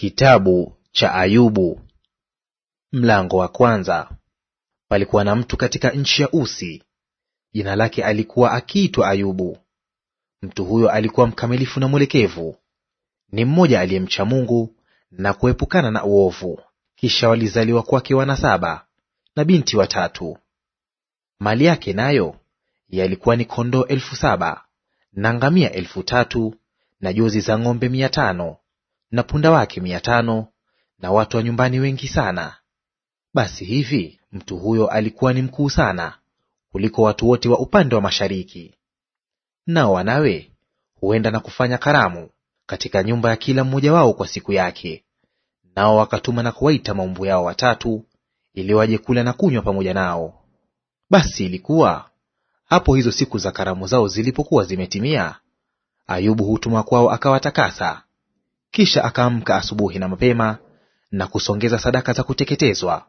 Kitabu cha Ayubu mlango wa kwanza. Palikuwa na mtu katika nchi ya Usi, jina lake alikuwa akiitwa Ayubu. Mtu huyo alikuwa mkamilifu na mwelekevu, ni mmoja aliyemcha Mungu na kuepukana na uovu. Kisha walizaliwa kwake wana saba na binti watatu. Mali yake nayo yalikuwa ni kondoo elfu saba na ngamia elfu tatu na jozi za ng'ombe mia tano na punda wake mia tano na watu wa nyumbani wengi sana. Basi hivi mtu huyo alikuwa ni mkuu sana kuliko watu wote wa upande wa mashariki. Nao wanawe huenda na kufanya karamu katika nyumba ya kila mmoja wao kwa siku yake. Nao wakatuma na kuwaita maumbu yao watatu ili waje kula na kunywa pamoja nao. Basi ilikuwa hapo hizo siku za karamu zao zilipokuwa zimetimia, Ayubu hutuma kwao akawatakasa kisha akaamka asubuhi na mapema na kusongeza sadaka za kuteketezwa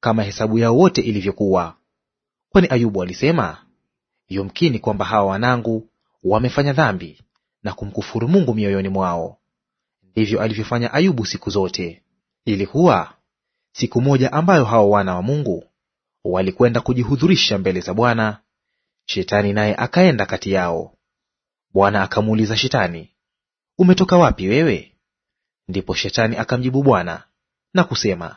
kama hesabu yao wote ilivyokuwa. Kwani Ayubu alisema, yumkini kwamba hawa wanangu wamefanya dhambi na kumkufuru Mungu mioyoni mwao. Ndivyo alivyofanya Ayubu siku zote. Ilikuwa siku moja ambayo hao wana wa Mungu walikwenda kujihudhurisha mbele za Bwana, Shetani naye akaenda kati yao. Bwana akamuuliza Shetani, umetoka wapi wewe? Ndipo Shetani akamjibu Bwana na kusema,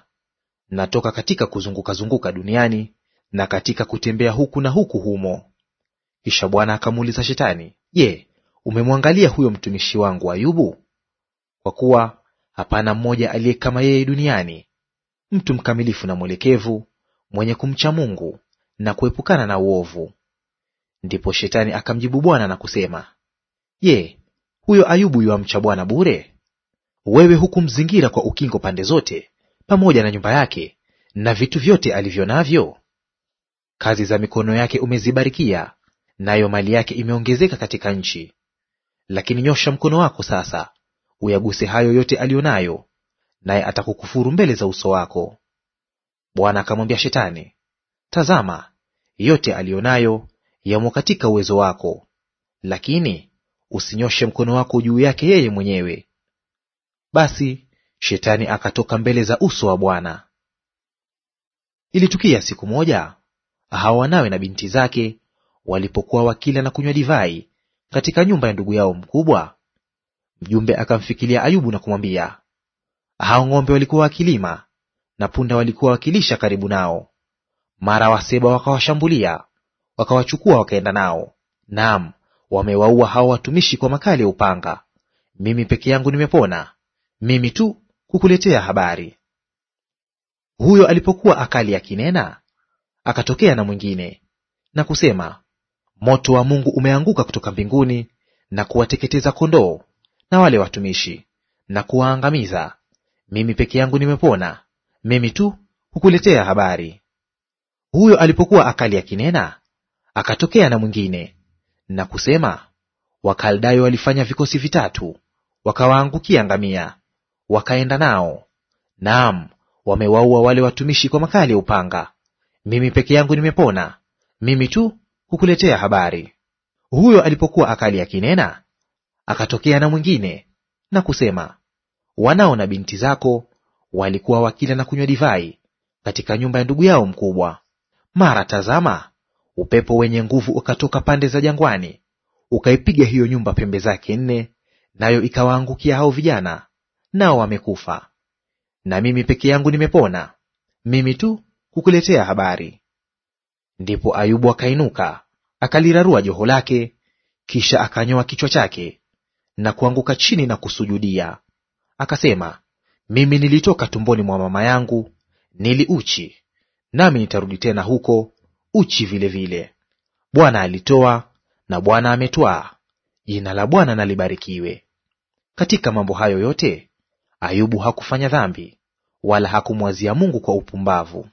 natoka katika kuzunguka-zunguka duniani na katika kutembea huku na huku humo. Kisha Bwana akamuuliza Shetani, Je, umemwangalia huyo mtumishi wangu Ayubu? Kwa kuwa hapana mmoja aliye kama yeye duniani, mtu mkamilifu na mwelekevu, mwenye kumcha Mungu na kuepukana na uovu. Ndipo Shetani akamjibu Bwana na kusema, Je, huyo Ayubu yuamcha Bwana bure? Wewe hukumzingira kwa ukingo pande zote, pamoja na nyumba yake na vitu vyote alivyo navyo? Kazi za mikono yake umezibarikia, nayo mali yake imeongezeka katika nchi. Lakini nyosha mkono wako sasa, uyaguse hayo yote aliyo nayo, naye atakukufuru mbele za uso wako. Bwana akamwambia Shetani, tazama, yote aliyo nayo yamo katika uwezo wako, lakini usinyoshe mkono wako juu yake yeye mwenyewe, basi shetani akatoka mbele za uso wa Bwana. Ilitukia siku moja, hao wanawe na binti zake walipokuwa wakila na kunywa divai katika nyumba ya ndugu yao mkubwa, mjumbe akamfikilia Ayubu na kumwambia, hao ng'ombe walikuwa wakilima na punda walikuwa wakilisha karibu nao, mara Waseba wakawashambulia, wakawachukua, wakaenda nao; naam, wamewaua hao watumishi kwa makali ya upanga. Mimi peke yangu nimepona, mimi tu kukuletea habari. Huyo alipokuwa akali akinena, akatokea na mwingine na kusema, moto wa Mungu umeanguka kutoka mbinguni na kuwateketeza kondoo na wale watumishi na kuwaangamiza. Mimi peke yangu nimepona, mimi tu kukuletea habari. Huyo alipokuwa akali akinena, akatokea na mwingine na kusema, Wakaldayo walifanya vikosi vitatu, wakawaangukia ngamia wakaenda nao, naam, wamewaua wale watumishi kwa makali ya upanga. Mimi peke yangu nimepona, mimi tu kukuletea habari. Huyo alipokuwa akali akinena, akatokea na mwingine na kusema, wanao na binti zako walikuwa wakila na kunywa divai katika nyumba ya ndugu yao mkubwa. Mara tazama, upepo wenye nguvu ukatoka pande za jangwani ukaipiga hiyo nyumba pembe zake nne, nayo ikawaangukia hao vijana nao wamekufa, na mimi peke yangu nimepona, mimi tu kukuletea habari. Ndipo Ayubu akainuka akalirarua joho lake, kisha akanyoa kichwa chake na kuanguka chini na kusujudia, akasema, mimi nilitoka tumboni mwa mama yangu, nili uchi, nami nitarudi tena huko uchi vilevile. Bwana alitoa na Bwana ametwaa, jina la Bwana nalibarikiwe Katika mambo hayo yote Ayubu hakufanya dhambi, wala hakumwazia Mungu kwa upumbavu.